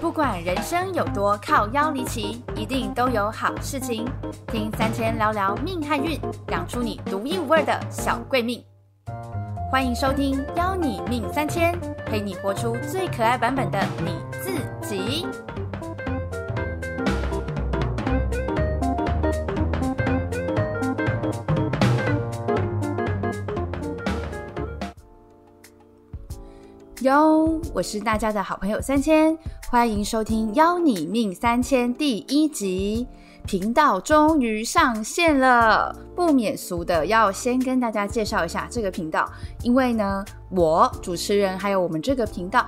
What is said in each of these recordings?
不管人生有多靠腰離奇，一定都有好事情。聽三仟聊聊命和運，養出你獨一無二的小貴命。歡迎收聽《吆你命三仟》，陪你活出最可愛版本的你自己。喲，我是大家的好朋友三仟，歡迎收聽《吆你命三仟》第一集。頻道終於上線了，不免俗的要先跟大家介紹一下這個頻道，因為呢，我主持人還有我們這個頻道，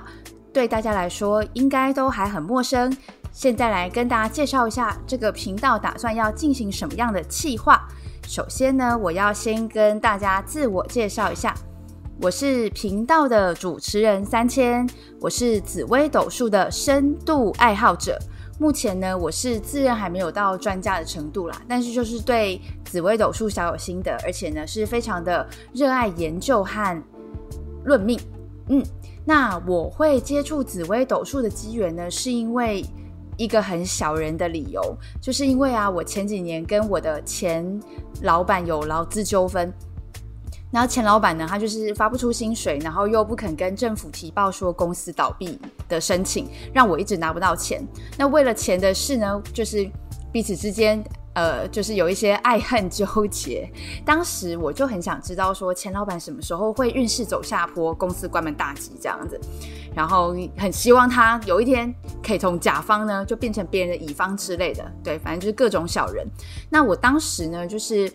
對大家來說應該都還很陌生。現在來跟大家介紹一下這個頻道打算要進行什麼樣的企劃。首先呢，我要先跟大家自我介紹一下。我是頻道的主持人三千，我是紫微斗數的深度愛好者。目前呢，我是自認還沒有到專家的程度啦，但是就是對紫微斗數小有心得，而且呢，是非常的熱愛研究和論命。嗯，那我會接觸紫微斗數的機緣呢，是因為一個很小人的理由，就是因為啊，我前幾年跟我的前老板有勞資糾紛。然後錢老板呢，他就是發不出薪水，然後又不肯跟政府提報說公司倒閉的申請，讓我一直拿不到錢。那為了錢的事呢，就是彼此之間呃，就是有一些愛恨糾結。當時我就很想知道說，錢老板什麼時候會運勢走下坡，公司關門大吉這樣子。然後很希望他有一天可以從甲方呢，就變成別人的乙方之類的。對，反正就是各種小人。那我當時呢，就是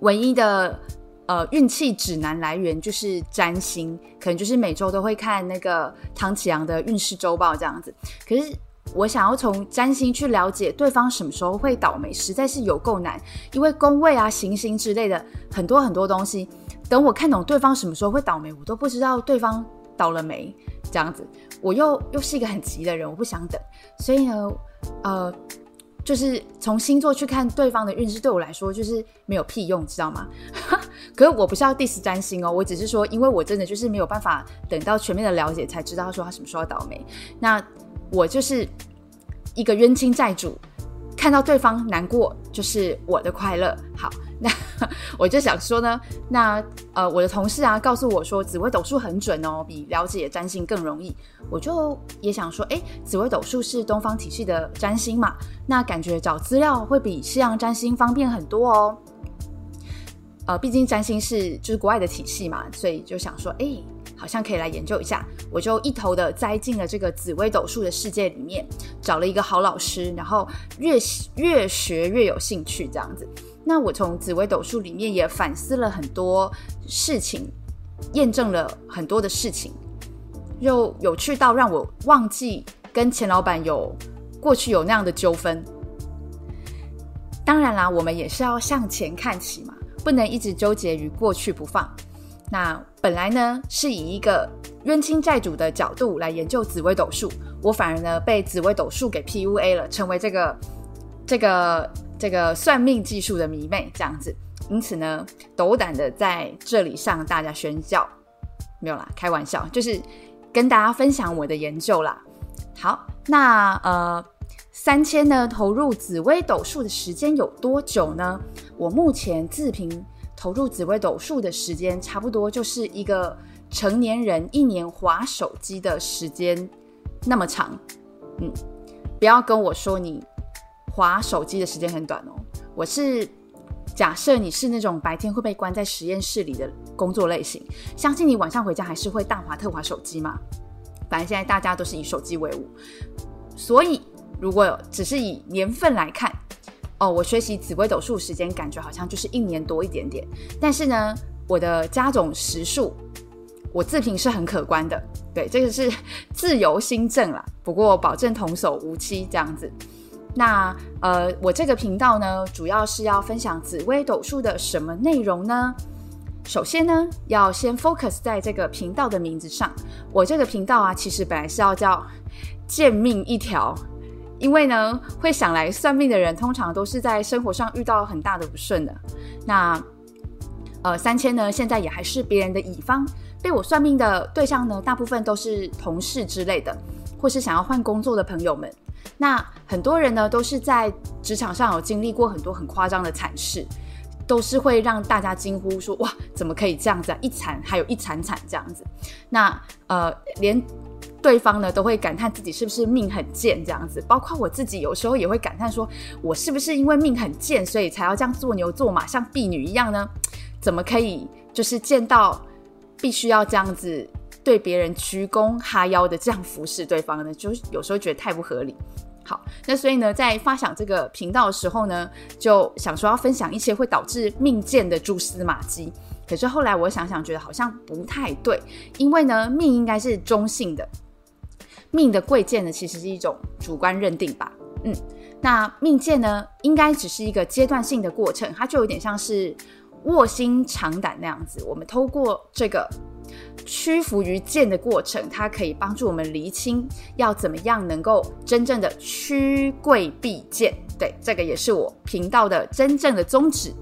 唯一的。呃，運氣指南來源就是占星，可能就是每週都會看那個唐綺陽的運勢週報這樣子。可是我想要從占星去了解對方什麼時候會倒霉，實在是有夠難，因為宮位啊、行星之類的很多很多東西，等我看懂對方什麼時候會倒霉，我都不知道對方倒了沒這樣子。我又又是一個很急的人，我不想等，所以呢，呃。就是從星座去看對方的運勢，對我來說就是沒有屁用，知道嗎？ 可是我不是要 diss 占星哦，我只是說，因為我真的就是沒有辦法等到全面的了解，才知道他說他什麼時候倒霉。那我就是一個冤親債主，看到對方難過就是我的快樂。好。那 我就想說呢，那呃，我的同事啊，告訴我說，紫微斗數很準哦，比了解占星更容易。我就也想說，哎、欸，紫微斗數是東方體系的占星嘛，那感覺找資料會比西洋占星方便很多哦。呃，畢竟占星是就是國外的體系嘛，所以就想說，哎、欸，好像可以來研究一下。我就一頭的栽進了這個紫微斗數的世界裡面，找了一個好老師，然後越越學越有興趣，這樣子。那我從紫微斗數裡面也反思了很多事情，驗證了很多的事情，又有趣到讓我忘記跟前老闆有過去有那樣的糾紛。當然啦，我們也是要向前看齊嘛，不能一直糾結於過去不放。那本來呢是以一個冤親債主的角度來研究紫微斗數，我反而呢被紫微斗數給 PUA 了，成為這個這個。這個算命技術的迷妹這樣子，因此呢，斗膽的在這裡向大家宣教，沒有啦，開玩笑，就是跟大家分享我的研究啦。好，那呃，三仟呢投入紫微斗數的時間有多久呢？我目前自評投入紫微斗數的時間，差不多就是一個成年人一年滑手機的時間那麼長。嗯，不要跟我說你。滑手機的時間很短哦。我是假設你是那種白天會被關在實驗室裡的工作類型，相信你晚上回家還是會大滑特滑手機嘛？反正現在大家都是以手機為伍，所以如果只是以年份來看，哦，我學習紫微斗數時間感覺好像就是一年多一點點，但是呢，我的加總時數，我自評是很可觀的。對，這個是自由心證啦，不過保證童叟無欺這樣子。那呃，我這個頻道呢，主要是要分享紫微斗數的什麼內容呢？首先呢，要先 focus 在這個頻道的名字上。我這個頻道啊，其實本來是要叫“賤命一條”，因為呢，會想來算命的人，通常都是在生活上遇到很大的不順的。那呃，三仟呢，現在也還是別人的乙方。被我算命的對象呢，大部分都是同事之類的，或是想要換工作的朋友們。那很多人呢，都是在職場上有經歷過很多很誇張的慘事，都是會讓大家驚呼說：“哇，怎麼可以這樣子啊！一慘還有一慘慘這樣子。那”那呃，連對方呢都會感嘆自己是不是命很賤這樣子。包括我自己有時候也會感嘆說：“我是不是因為命很賤，所以才要這樣做牛做馬，像婢女一樣呢？怎麼可以就是見到？”必須要這樣子對別人鞠躬哈腰的這樣服侍對方呢，就有時候覺得太不合理。好，那所以呢，在發想這個頻道的時候呢，就想說要分享一些會導致命賤的蛛絲馬跡。可是後來我想想，覺得好像不太對，因為呢，命應該是中性的，命的貴賤呢，其實是一種主觀認定吧。嗯，那命賤呢，應該只是一個階段性的過程，它就有點像是。臥薪嘗膽那樣子，我們透過這個屈服於劍的過程，它可以幫助我們釐清要怎麼樣能夠真正的趨貴避賤。對，這個也是我頻道的真正的宗旨。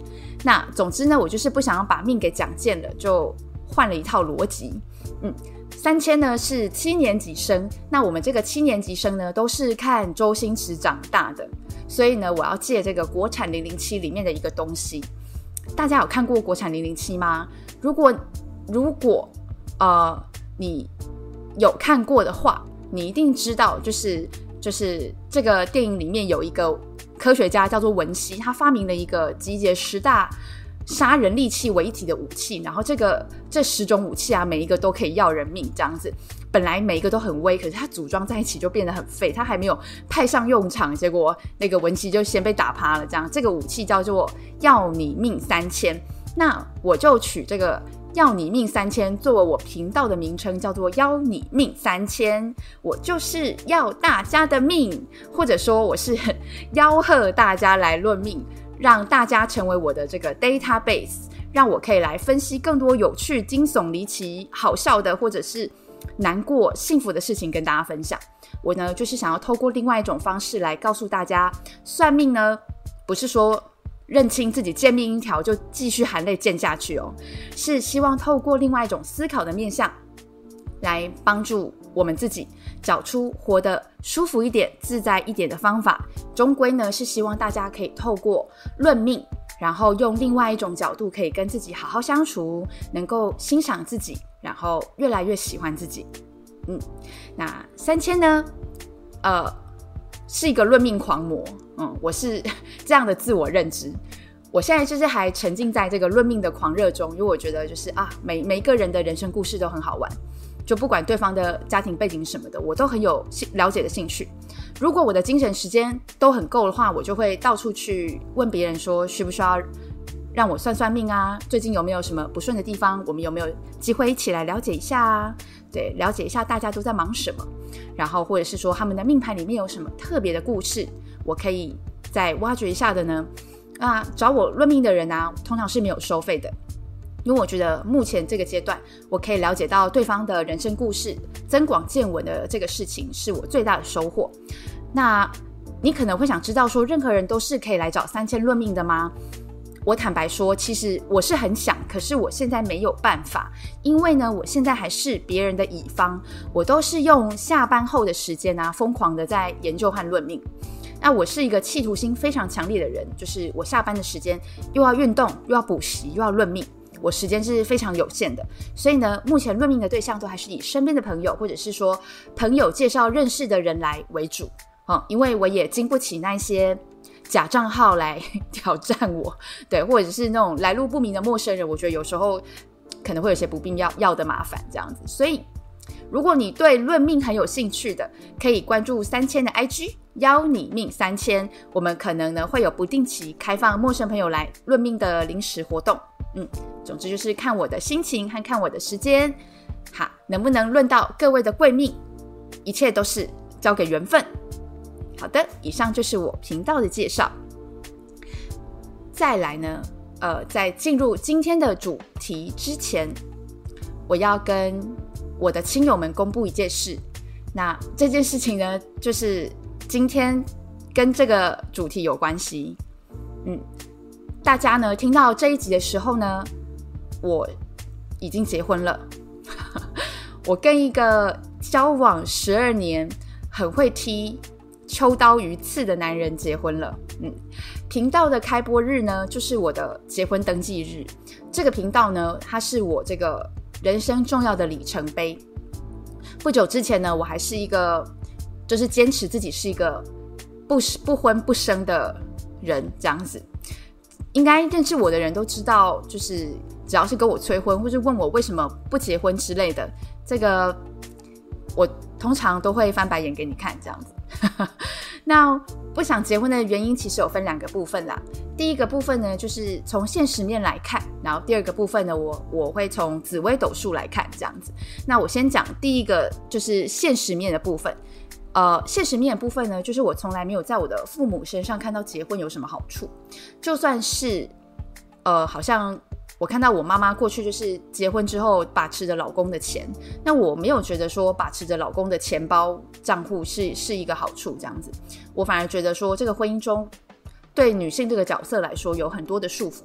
那總之呢，我就是不想要把命給講賤了，就換了一套邏輯。嗯，三千呢是七年級生，那我們這個七年級生呢都是看周星馳長大的，所以呢，我要借這個國產零零七裡面的一個東西。大家有看過國產《零零七》嗎？如果如果呃，你有看過的話，你一定知道，就是就是這個電影裡面有一個科學家叫做文西，他發明了一個集結十大殺人利器為一體的武器，然後這個這十種武器啊，每一個都可以要人命這樣子。本來每一個都很威，可是它組裝在一起就變得很廢。它還沒有派上用場，結果那個文琪就先被打趴了。這樣，這個武器叫做“要你命三千”。那我就取這個“要你命三千”作為我頻道的名稱，叫做“要你命三千”。我就是要大家的命，或者說我是吆喝大家來論命，讓大家成為我的這個 database，讓我可以來分析更多有趣、驚悚、離奇、好笑的，或者是。難過、幸福的事情跟大家分享。我呢，就是想要透過另外一種方式來告訴大家，算命呢，不是說認清自己賤命一條就繼續含淚賤下去哦，是希望透過另外一種思考的面向，來幫助我們自己找出活得舒服一點、自在一點的方法。終歸呢，是希望大家可以透過論命。然後用另外一種角度，可以跟自己好好相處，能夠欣賞自己，然後越來越喜歡自己。嗯，那三千呢，呃，是一個論命狂魔。嗯，我是這樣的自我認知。我現在就是還沉浸在這個論命的狂熱中，因為我覺得就是啊，每每一個人的人生故事都很好玩。就不管對方的家庭背景什麼的，我都很有興了解的興趣。如果我的精神時間都很夠的話，我就會到處去問別人說，需不需要讓我算算命啊？最近有沒有什麼不順的地方？我們有沒有機會一起來了解一下啊？對，了解一下大家都在忙什麼，然後或者是說他們的命盤裡面有什麼特別的故事，我可以再挖掘一下的呢？啊，找我論命的人啊，通常是沒有收費的。因為我覺得目前這個階段，我可以了解到對方的人生故事，增廣見聞的這個事情是我最大的收穫。那你可能會想知道說，說任何人都是可以來找三千論命的嗎？我坦白說，其實我是很想，可是我現在沒有辦法，因為呢，我現在還是別人的乙方，我都是用下班後的時間啊，瘋狂的在研究和論命。那我是一個企圖心非常強烈的人，就是我下班的時間又要運動，又要補習，又要論命。我時間是非常有限的，所以呢，目前論命的對象都還是以身邊的朋友，或者是說朋友介紹認識的人來為主，嗯，因為我也經不起那些假賬號來挑戰我，對，或者是那種來路不明的陌生人，我覺得有時候可能會有些不必要要的麻煩這樣子。所以，如果你對論命很有興趣的，可以關注三仟的 IG 吆你命三仟，我們可能呢會有不定期開放陌生朋友來論命的臨時活動。嗯，總之就是看我的心情和看我的時間，好，能不能論到各位的貴命？一切都是交給緣分。好的，以上就是我頻道的介紹。再來呢，呃，在進入今天的主題之前，我要跟我的親友們公布一件事。那這件事情呢，就是今天跟這個主題有關係。嗯。大家呢聽到這一集的時候呢，我已經結婚了。 我跟一個交往十二年，很會剔秋刀魚刺的男人結婚了。嗯，頻道的開播日呢，就是我的結婚登記日。這個頻道呢，它是我這個人生重要的里程碑。不久之前呢，我還是一個就是堅持自己是一個不不婚不生的人，這樣子。應該認識我的人都知道，就是只要是跟我催婚，或是問我為什麼不結婚之類的，這個我通常都會翻白眼給你看，這樣子。 那不想結婚的原因其實有分兩個部分啦。第一個部分呢，就是從現實面來看；然後第二個部分呢，我我會從紫微斗數來看，這樣子。那我先講第一個，就是現實面的部分。呃，現實面部分呢，就是我從來沒有在我的父母身上看到結婚有什麼好處。就算是，呃，好像我看到我媽媽過去就是結婚之後把持着老公的錢，那我沒有覺得說把持着老公的錢包賬戶是是一個好處這樣子。我反而覺得說，這個婚姻中對女性這個角色來說有很多的束縛，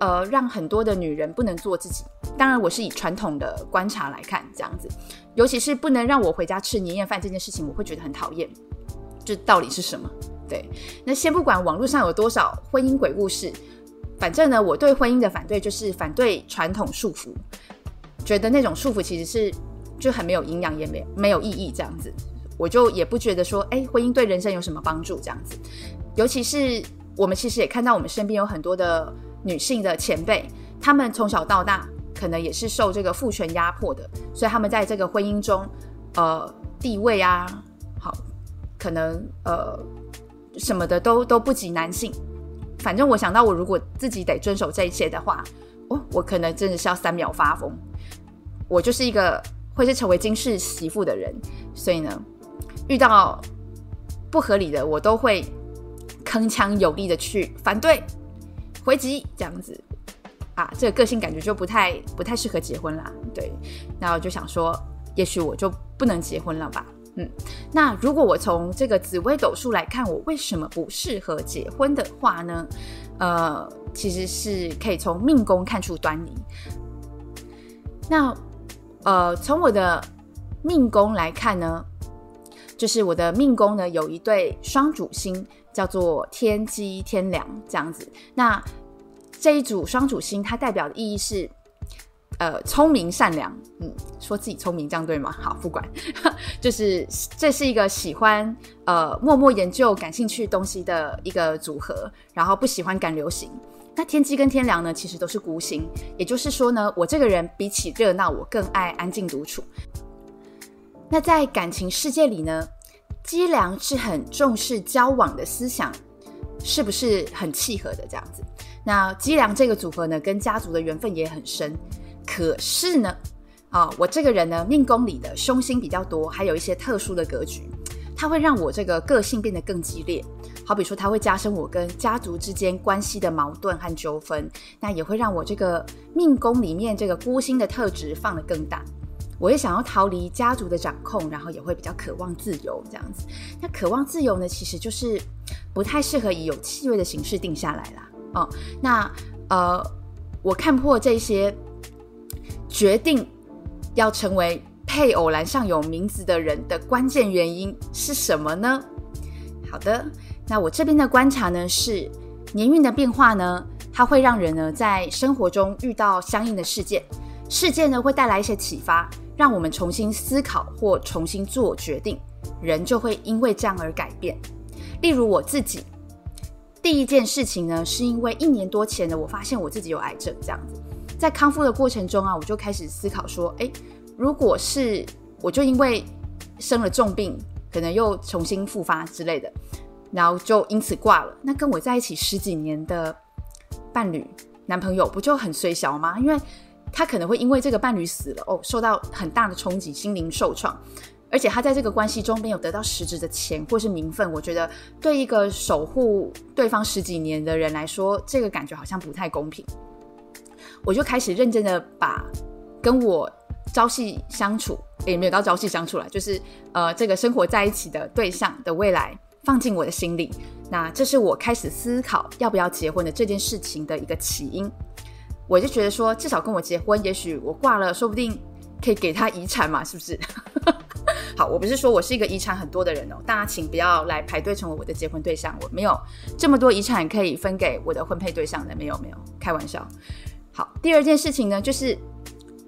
呃，讓很多的女人不能做自己。當然，我是以傳統的觀察來看，這樣子，尤其是不能讓我回家吃年夜飯這件事情，我會覺得很討厭。這到底是什麼？對，那先不管網絡上有多少婚姻鬼故事，反正呢，我對婚姻的反對就是反對傳統束縛，覺得那種束縛其實是就很沒有營養，也沒沒有意義。這樣子，我就也不覺得說，誒，婚姻對人生有什麼幫助？這樣子，尤其是我們其實也看到我們身邊有很多的女性的前輩，她們從小到大。可能也是受這個父權壓迫的，所以他們在這個婚姻中，呃，地位啊，好，可能呃什麼的都都不及男性。反正我想到，我如果自己得遵守這一切的話，哦，我可能真的是要三秒發瘋。我就是一個會是成為驚世媳婦的人，所以呢，遇到不合理的，我都會鏗鏘有力的去反對、回擊，這樣子。啊，這個個性感覺就不太不太適合結婚啦，對。那我就想說，也許我就不能結婚了吧？嗯。那如果我從這個紫微斗數來看，我為什麼不適合結婚的話呢？呃，其實是可以從命宮看出端倪。那呃，從我的命宮來看呢，就是我的命宮呢有一對雙主星，叫做天機天梁這樣子。那這一組雙主星，它代表的意義是，呃，聰明善良。嗯，說自己聰明這樣對嗎？好，不管， 就是這是一個喜歡呃默默研究感興趣東西的一個組合，然後不喜歡趕流行。那天機跟天梁呢，其實都是孤星，也就是說呢，我這個人比起熱鬧，我更愛安靜獨處。那在感情世界裡呢，機梁是很重視交往的思想，是不是很契合的這樣子？那機梁這個組合呢，跟家族的緣分也很深。可是呢，啊、哦，我這個人呢，命宮裡的凶星比較多，還有一些特殊的格局，它會讓我這個個性變得更激烈。好比說，它會加深我跟家族之間關係的矛盾和糾紛。那也會讓我這個命宮裡面這個孤星的特質放得更大。我也想要逃離家族的掌控，然後也會比較渴望自由這樣子。那渴望自由呢，其實就是不太適合以有契約的形式定下來啦。哦，那呃，我看破這些決定要成為配偶欄上有名字的人的關鍵原因是什麼呢？好的，那我這邊的觀察呢是，年運的變化呢，它會讓人呢在生活中遇到相應的事件，事件呢會帶來一些啟發，讓我們重新思考或重新做決定，人就會因為這樣而改變。例如我自己。第一件事情呢，是因為一年多前的，我發現我自己有癌症這樣子，在康復的過程中啊，我就開始思考說，誒，如果是我就因為生了重病，可能又重新復發之類的，然後就因此掛了，那跟我在一起十幾年的伴侶、男朋友不就很衰小嗎？因為他可能會因為這個伴侶死了哦，受到很大的衝擊，心靈受創。而且他在這個關係中沒有得到實質的錢或是名分，我覺得對一個守護對方十幾年的人來說，這個感覺好像不太公平。我就開始認真的把跟我朝夕相處，也沒有到朝夕相處了，就是呃這個生活在一起的對象的未來放進我的心裡。那這是我開始思考要不要結婚的這件事情的一個起因。我就覺得說，至少跟我結婚，也許我掛了，說不定。可以給他遺產嘛？是不是？ 好，我不是說我是一個遺產很多的人哦，大家請不要來排隊成為我,我的結婚對象，我沒有這麼多遺產可以分給我的婚配對象的，沒有沒有，開玩笑。好，第二件事情呢，就是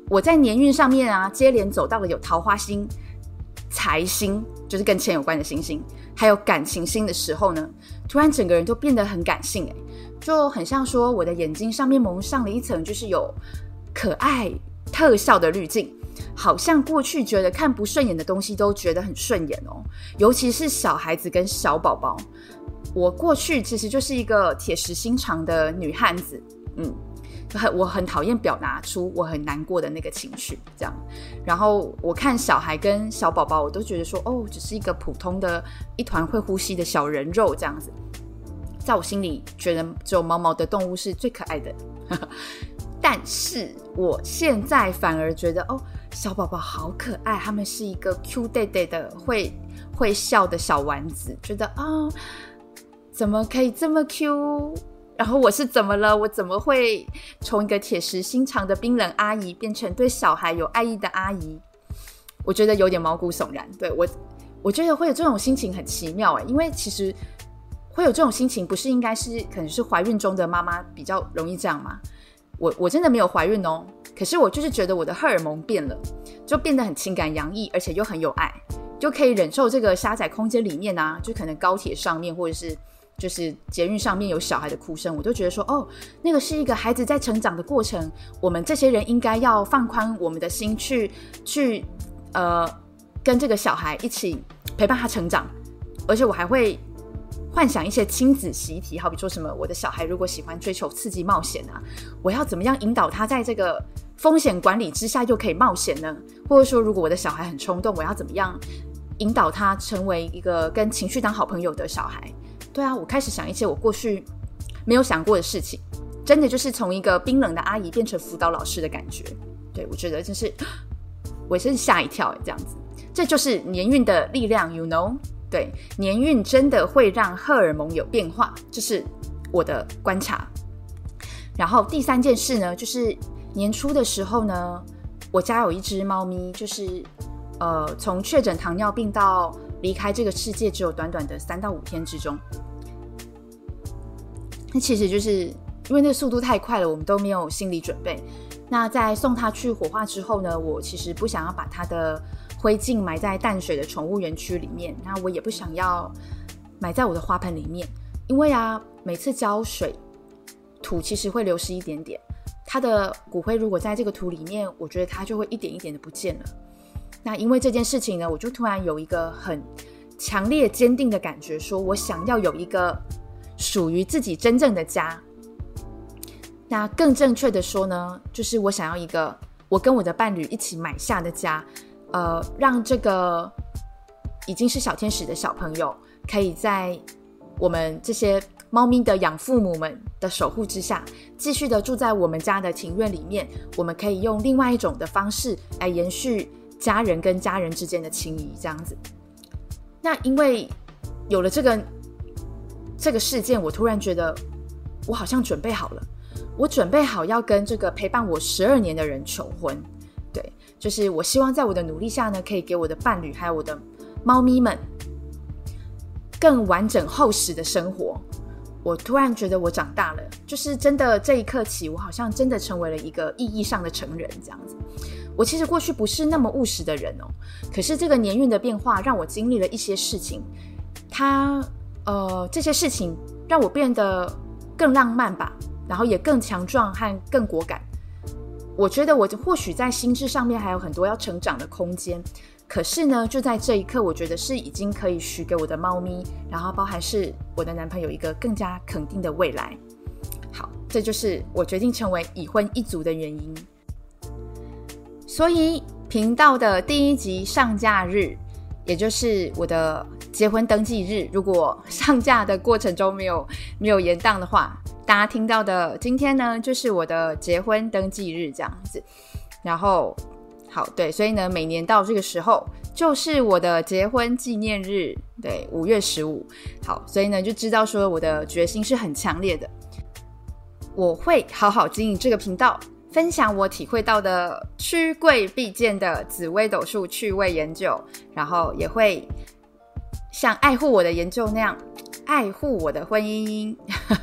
我在年運上面啊，接連走到了有桃花星、財星，就是跟錢有關的星星，還有感情星的時候呢，突然整個人都變得很感性、欸，就很像說我的眼睛上面蒙上了一層就是有可愛特效的濾鏡。好像過去覺得看不順眼的東西都覺得很順眼哦，尤其是小孩子跟小寶寶。我過去其實就是一個鐵石心腸的女漢子，嗯，很我很討厭表達出我很難過的那個情緒，這樣。然後我看小孩跟小寶寶，我都覺得說哦，只是一個普通的、一團會呼吸的小人肉這樣子。在我心裡，覺得只有毛毛的動物是最可愛的。 但是我現在反而覺得哦。小寶寶好可愛，他們是一個 Q 弟弟的，會會笑的小丸子，覺得啊、哦，怎麼可以這麼 Q？然後我是怎麼了？我怎麼會從一個鐵石心腸的冰冷阿姨變成對小孩有愛意的阿姨？我覺得有點毛骨悚然。對，我，我覺得會有這種心情很奇妙哎、欸，因為其實會有這種心情，不是應該是可能是懷孕中的媽媽比較容易這樣嗎？我我真的沒有懷孕哦。可是我就是覺得我的荷爾蒙變了，就變得很情感洋溢，而且又很有愛，就可以忍受這個狹窄空間裡面啊，就可能高鐵上面或者是就是捷運上面有小孩的哭聲，我都覺得說哦，那個是一個孩子在成長的過程，我們這些人應該要放寬我們的心去，去去呃跟這個小孩一起陪伴他成長，而且我還會幻想一些親子習題，好比說什麼我的小孩如果喜歡追求刺激冒險啊，我要怎麼樣引導他在這個。風險管理之下又可以冒險呢？或者說，如果我的小孩很衝動，我要怎麼樣引導他成為一個跟情緒當好朋友的小孩？對啊，我開始想一些我過去沒有想過的事情，真的就是從一個冰冷的阿姨變成輔導老師的感覺。對，我覺得真是，我真是嚇一跳欸，這樣子，這就是年運的力量，you know？對，年運真的會讓荷爾蒙有變化，這就是我的觀察。然後第三件事呢，就是。年初的時候呢，我家有一隻貓咪，就是，呃，從確診糖尿病到離開這個世界，只有短短的三到五天之中。那其實就是因為那速度太快了，我們都沒有心理準備。那在送它去火化之後呢，我其實不想要把它的灰燼埋在淡水的寵物園區裡面，那我也不想要埋在我的花盆裡面，因為啊，每次澆水，土其實會流失一點點。他的骨灰如果在這個土裡面，我覺得他就會一點一點的不見了。那因為這件事情呢，我就突然有一個很強烈、堅定的感覺說，說我想要有一個屬於自己真正的家。那更正確的說呢，就是我想要一個我跟我的伴侶一起買下的家，呃，讓這個已經是小天使的小朋友可以在我們這些。貓咪的養父母們的守護之下，繼續的住在我們家的庭院裡面。我們可以用另外一種的方式來延續家人跟家人之間的情誼，這樣子。那因為有了這個這個事件，我突然覺得我好像準備好了，我準備好要跟這個陪伴我十二年的人求婚。對，就是我希望在我的努力下呢，可以給我的伴侶還有我的貓咪們更完整厚實的生活。我突然覺得我長大了，就是真的這一刻起，我好像真的成為了一個意義上的成人這樣子。我其實過去不是那麼務實的人哦，可是這個年運的變化讓我經歷了一些事情，它呃這些事情讓我變得更浪漫吧，然後也更強壯和更果敢。我覺得我或許在心智上面還有很多要成長的空間。可是呢，就在這一刻，我覺得是已經可以許給我的貓咪，然後包含是我的男朋友一個更加肯定的未來。好，這就是我決定成為已婚一族的原因。所以頻道的第一集上架日，也就是我的結婚登記日，如果上架的過程中沒有沒有延宕的話，大家聽到的今天呢，就是我的結婚登記日這樣子。然後。好，對，所以呢，每年到這個時候就是我的結婚紀念日，對，五月十五。好，所以呢，就知道說我的決心是很強烈的，我會好好經營這個頻道，分享我體會到的趨貴避賤的紫微斗數趣味研究，然後也會像愛護我的研究那樣愛護我的婚姻。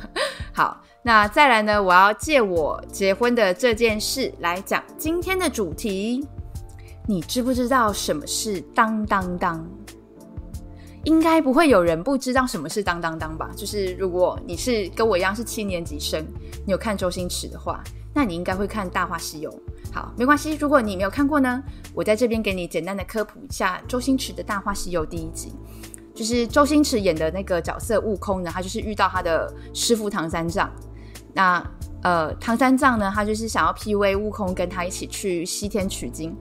好，那再來呢，我要借我結婚的這件事來講今天的主題。你知不知道什麼是當當當？應該不會有人不知道什麼是當當當吧？就是如果你是跟我一樣是七年級生，你有看周星馳的話，那你應該會看《大話西遊》。好，沒關係，如果你沒有看過呢，我在這邊給你簡單的科普一下周星馳的《大話西遊》第一集，就是周星馳演的那個角色悟空呢，他就是遇到他的師傅唐三藏。那呃，唐三藏呢，他就是想要 PUA 悟空，跟他一起去西天取經。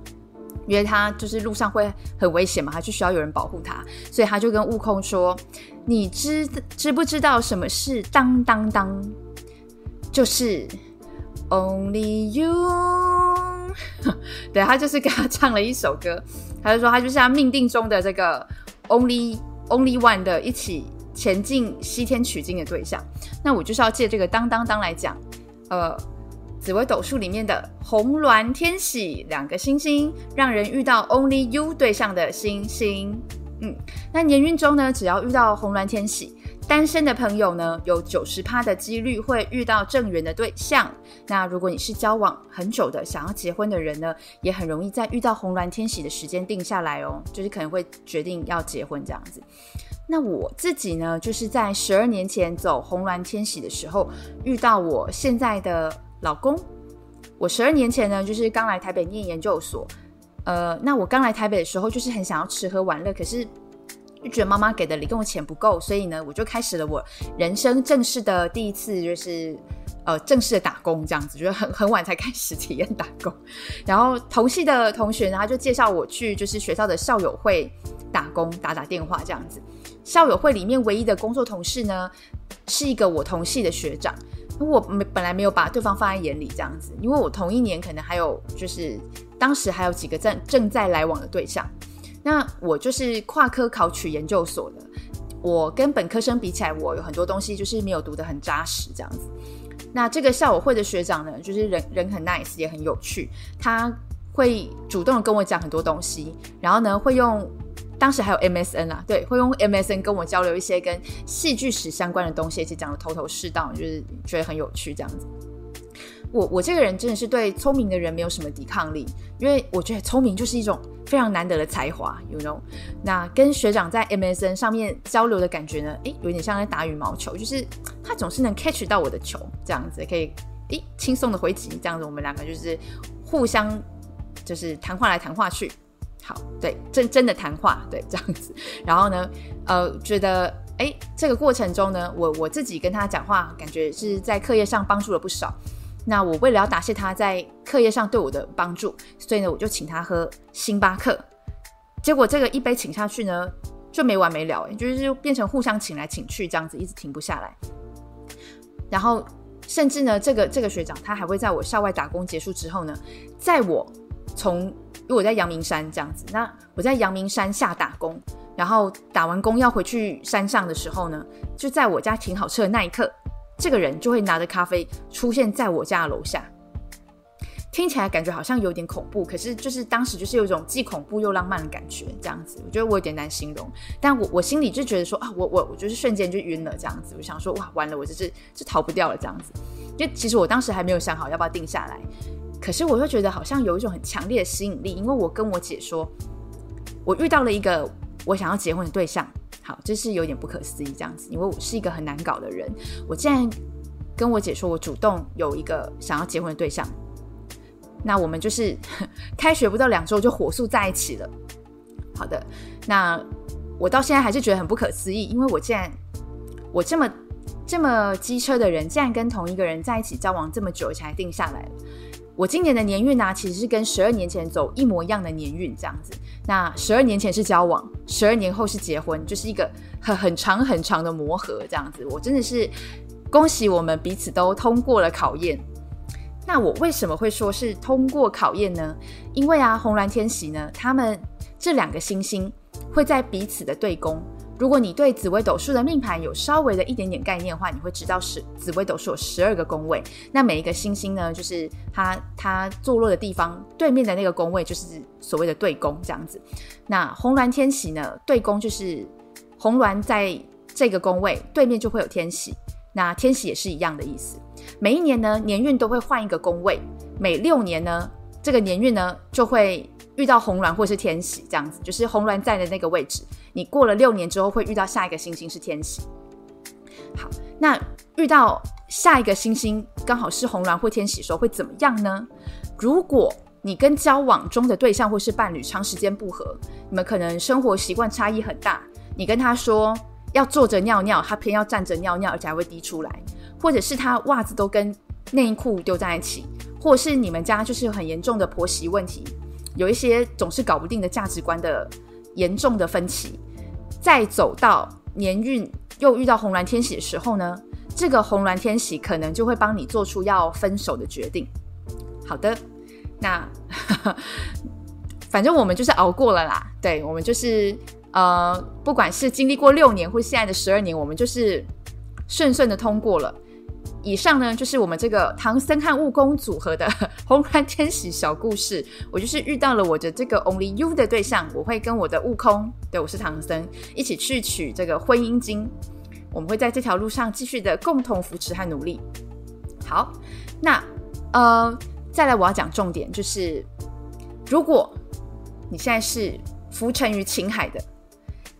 因為他就是路上會很危險嘛，他就需要有人保護他，所以他就跟悟空說：“你知知不知道什麼是當當當？就是 Only You。 ”對，他就是給他唱了一首歌，他就說他就是他命定中的這個 Only Only One 的一起前進西天取經的對象。那我就是要借這個當當當來講，呃。紫微斗數裡面的紅鸞天喜兩個星星，讓人遇到 only you 對象的星星。嗯，那年運中呢，只要遇到紅鸞天喜，單身的朋友呢，有九十趴的幾率會遇到正緣的對象。那如果你是交往很久的，想要結婚的人呢，也很容易在遇到紅鸞天喜的時間定下來哦，就是可能會決定要結婚這樣子。那我自己呢，就是在十二年前走紅鸞天喜的時候，遇到我現在的。老公，我十二年前呢，就是剛來台北念研究所。呃，那我剛來台北的時候，就是很想要吃喝玩樂，可是就覺得媽媽給的零用錢不夠，所以呢，我就開始了我人生正式的第一次，就是呃正式的打工，這樣子，就是很很晚才開始體驗打工。然後同系的同學呢，他就介紹我去就是學校的校友會打工，打打電話這樣子。校友會裡面唯一的工作同事呢，是一個我同系的學長。因為我沒本來沒有把對方放在眼裡這樣子，因為我同一年可能還有就是當時還有幾個正正在來往的對象。那我就是跨科考取研究所的，我跟本科生比起來，我有很多東西就是沒有讀得很扎實這樣子。那這個校友會的學長呢，就是人人很 nice，也很有趣，他會主動跟我講很多東西，然後呢會用。當時還有 MSN 啊，對，會用 MSN 跟我交流一些跟戲劇史相關的東西，一起講得頭頭是道，就是覺得很有趣這樣子。我我這個人真的是對聰明的人沒有什麼抵抗力，因為我覺得聰明就是一種非常難得的才華，you know？那跟學長在 MSN 上面交流的感覺呢，誒，有點像在打羽毛球，就是他總是能 catch 到我的球，這樣子可以，誒，輕鬆的回擊，這樣子我們兩個就是互相就是談話來談話去。好，對真真的談話，對，這樣子，然後呢，呃，覺得哎，這個過程中呢，我我自己跟他講話，感覺是在課業上幫助了不少。那我為了要答謝他在課業上對我的幫助，所以呢，我就請他喝星巴克。結果這個一杯請下去呢，就沒完沒了，哎，就是就變成互相請來請去這樣子，一直停不下來。然後甚至呢，這個這個學長他還會在我校外打工結束之後呢，在我從因為我在陽明山這樣子，那我在陽明山下打工，然後打完工要回去山上的時候呢，就在我家停好車的那一刻，這個人就會拿着咖啡出現在我家的樓下。聽起來感覺好像有點恐怖，可是就是當時就是有一種既恐怖又浪漫的感覺，這樣子，我覺得我有點難形容。但我我心裡就覺得說啊，我我我就是瞬間就暈了這樣子，我想說哇，完了，我就是就逃不掉了這樣子。就其實我當時還沒有想好要不要定下來。可是，我又覺得好像有一種很強烈的吸引力，因為我跟我姐說，我遇到了一個我想要結婚的對象。好，這是有點不可思議這樣子，因為我是一個很難搞的人。我竟然跟我姐說，我主動有一個想要結婚的對象，那我們就是開學不到兩周就火速在一起了。好的，那我到現在還是覺得很不可思議，因為我竟然我這麼這麼機車的人，竟然跟同一個人在一起交往這麼久才定下來了。我今年的年運呢、啊，其實是跟十二年前走一模一樣的年運，這樣子。那十二年前是交往，十二年後是結婚，就是一個很很長很長的磨合，這樣子。我真的是恭喜我們彼此都通過了考驗。那我為什麼會說是通過考驗呢？因為啊，紅鸞天喜呢，他們這兩個星星會在彼此的對宮。如果你對紫微斗數的命盤有稍微的一點點概念的話，你會知道是紫微斗數有十二個宮位，那每一個星星呢，就是它它坐落的地方，對面的那個宮位就是所謂的對宮這樣子。那紅鸞天喜呢，對宮就是紅鸞在這個宮位，對面就會有天喜，那天喜也是一樣的意思。每一年呢，年運都會換一個宮位，每六年呢，這個年運呢，就會遇到紅鸞或是天喜這樣子，就是紅鸞在的那個位置，你過了六年之後會遇到下一個星星是天喜。好，那遇到下一個星星剛好是紅鸞或天喜的時候會怎麼樣呢？如果你跟交往中的對象或是伴侶長時間不合，你們可能生活習慣差異很大。你跟他說要坐着尿尿，他偏要站着尿尿，而且還會滴出來；或者是他襪子都跟內褲丟在一起，或是你們家就是有很嚴重的婆媳問題。有一些總是搞不定的價值觀的嚴重的分歧，再走到年運又遇到紅鸞天喜的時候呢，這個紅鸞天喜可能就會幫你做出要分手的決定。好的，那呵呵，反正我們就是熬過了啦。對，我們就是呃，不管是經歷過六年或現在的十二年，我們就是順順的通過了。以上呢，就是我們這個唐僧和悟空組合的《紅鸞天喜》小故事。我就是遇到了我的這個 only you 的對象，我會跟我的悟空，對我是唐僧，一起去取這個婚姻經。我們會在這條路上繼續的共同扶持和努力。好，那呃，再來我要講重點，就是如果你現在是浮沉於情海的。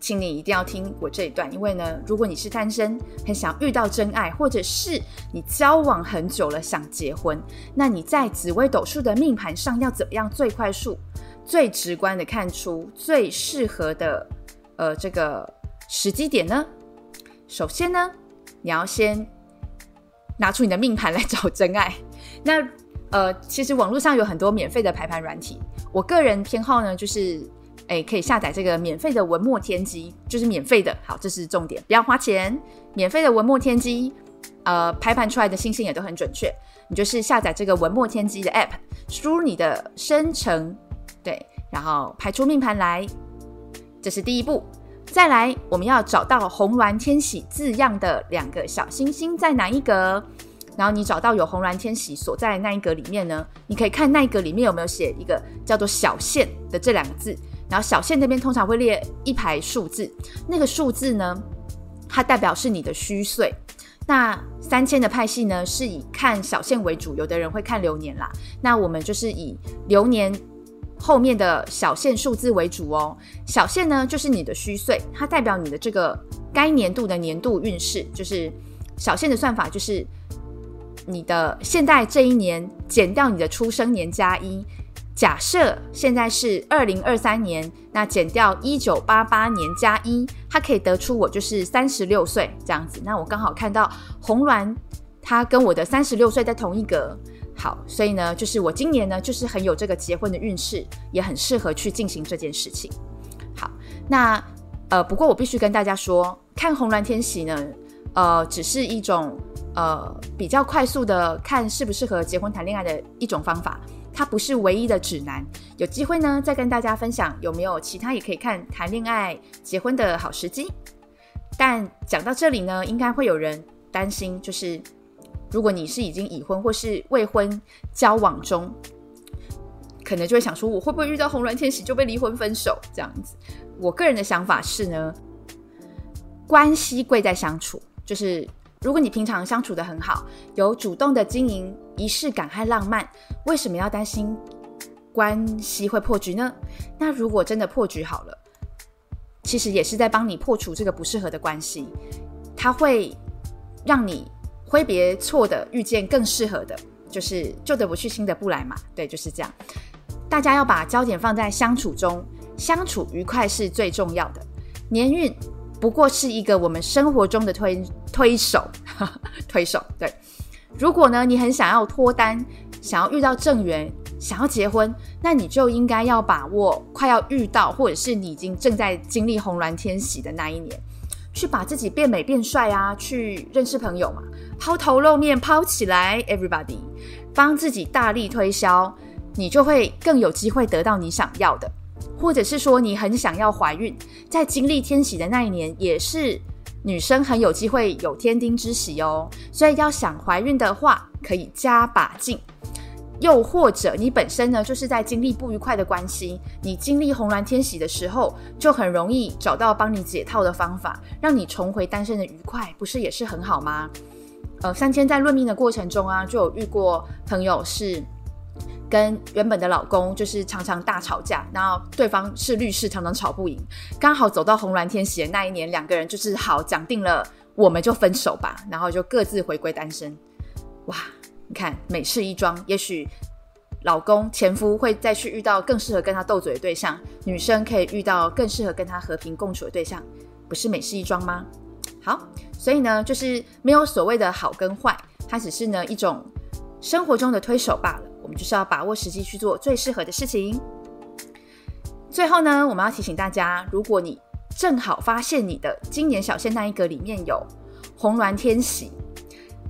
請你一定要聽我這一段，因為呢，如果你是單身，很想遇到真愛，或者是你交往很久了，想結婚，那你在紫微斗數的命盤上要怎麼樣最快速、最直觀地看出最適合的呃，這個時機點呢？首先呢，你要先拿出你的命盤來找真愛。那呃，其實網絡上有很多免費的排盤軟體，我個人偏好呢就是。誒，可以下載這個免費的文墨天機，就是免費的。好，這是重點，不要花錢，免費的文墨天機，呃，排盤出來的星星也都很準確。你就是下載這個文墨天機的 app，輸入你的生辰，對，然後排出命盤來，這是第一步。再來，我們要找到“紅鸞天喜”字樣的兩個小星星在哪一格？然後你找到有“紅鸞天喜”所在那一格裡面呢，你可以看那一格裡面有沒有寫一個叫做“小限”的這兩個字。然後小限那邊通常會列，一排數字，那個數字呢，它代表是你的虛歲。那三仟的派系呢，是以看小限為主，有的人會看流年啦。那我們就是以流年後面的小限數字為主哦。小限呢就是你的虛歲，它代表你的這個該年度的年度運勢。就是小限的算法就是你的現在這一年減掉你的出生年加一。假設現在是二零二三年，那減掉一九八八年加一，它可以得出我就是三十六歲這樣子。那我剛好看到紅鸞，他跟我的三十六歲在同一個格。好，所以呢，就是我今年呢，就是很有這個結婚的運勢，也很適合去進行這件事情。好，那呃，不過我必須跟大家說，看紅鸞天喜呢，呃，只是一種呃比較快速的看適不適合結婚談戀愛的一種方法。它不是唯一的指南，有機會呢再跟大家分享有沒有其他也可以看談戀愛、結婚的好時機。但講到這裡呢，應該會有人擔心，就是如果你是已經已婚或是未婚交往中，可能就會想說，我會不會遇到紅鸞天喜就被離婚分手這樣子？我個人的想法是呢，關係貴在相處，就是如果你平常相處得很好，有主動的經營。儀式感和浪漫，為什麼要擔心關係會破局呢？那如果真的破局好了，其實也是在幫你破除這個不適合的關係，它會讓你揮別錯的，遇見更適合的，就是舊的不去，新的不來嘛。對，就是這樣。大家要把焦點放在相處中，相處愉快是最重要的。年運不過是一個我們生活中的推推手，呵呵，推手，對。如果呢，你很想要脫單，想要遇到正緣，想要結婚，那你就應該要把握快要遇到，或者是你已經正在經歷紅鸞天喜的那一年，去把自己變美變帥啊，去認識朋友嘛，啊，拋頭露面拋起來，everybody，幫自己大力推銷，你就會更有機會得到你想要的，或者是說你很想要懷孕，在經歷天喜的那一年也是。女生很有機會有添丁之喜哦，所以要想懷孕的話，可以加把勁。又或者你本身呢，就是在經歷不愉快的關係，你經歷紅鸞天喜的時候，就很容易找到幫你解套的方法，讓你重回單身的愉快，不是也是很好嗎？呃，三千在論命的過程中啊，就有遇過朋友是。跟原本的老公就是常常大吵架，然後對方是律師，常常吵不贏。剛好走到紅鸞天喜的那一年，兩個人就是好，講定了，我們就分手吧，然後就各自回歸單身。哇，你看，美事一樁。也許老公前夫會再去遇到更適合跟他鬥嘴的對象，女生可以遇到更適合跟他和平共處的對象，不是美事一樁嗎？好，所以呢，就是沒有所謂的好跟壞，它只是呢一種生活中的推手罷了。我們就是要把握時機去做最適合的事情。最後呢，我們要提醒大家，如果你正好發現你的今年小限那一格裡面有紅鸞天喜，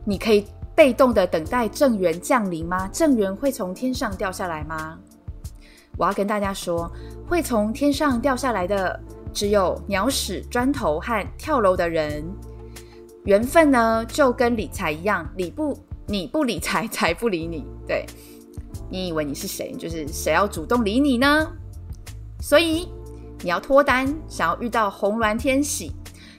你可以被動地等待正緣降臨嗎？正緣會從天上掉下來嗎？我要跟大家說，會從天上掉下來的只有鳥屎、磚頭和跳樓的人。緣分呢，就跟理財一樣，理不，你不理財，財不理你，對。你以為你是誰？就是誰要主動理你呢？所以你要脫單，想要遇到紅鸞天喜，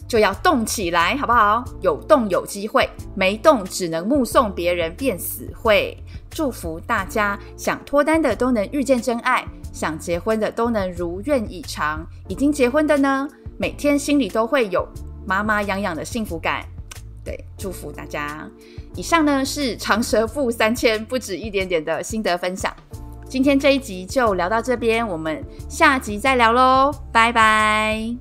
就要動起來，好不好？有動有機會，沒動只能目送別人變死會。祝福大家，想脫單的都能遇見真愛，想結婚的都能如願以償。已經結婚的呢，每天心裡都會有麻麻癢癢的幸福感。對，祝福大家。以上呢，是長舌婦三千不止一點點的心得分享。今天這一集就聊到這邊，我們下集再聊嘍，拜拜。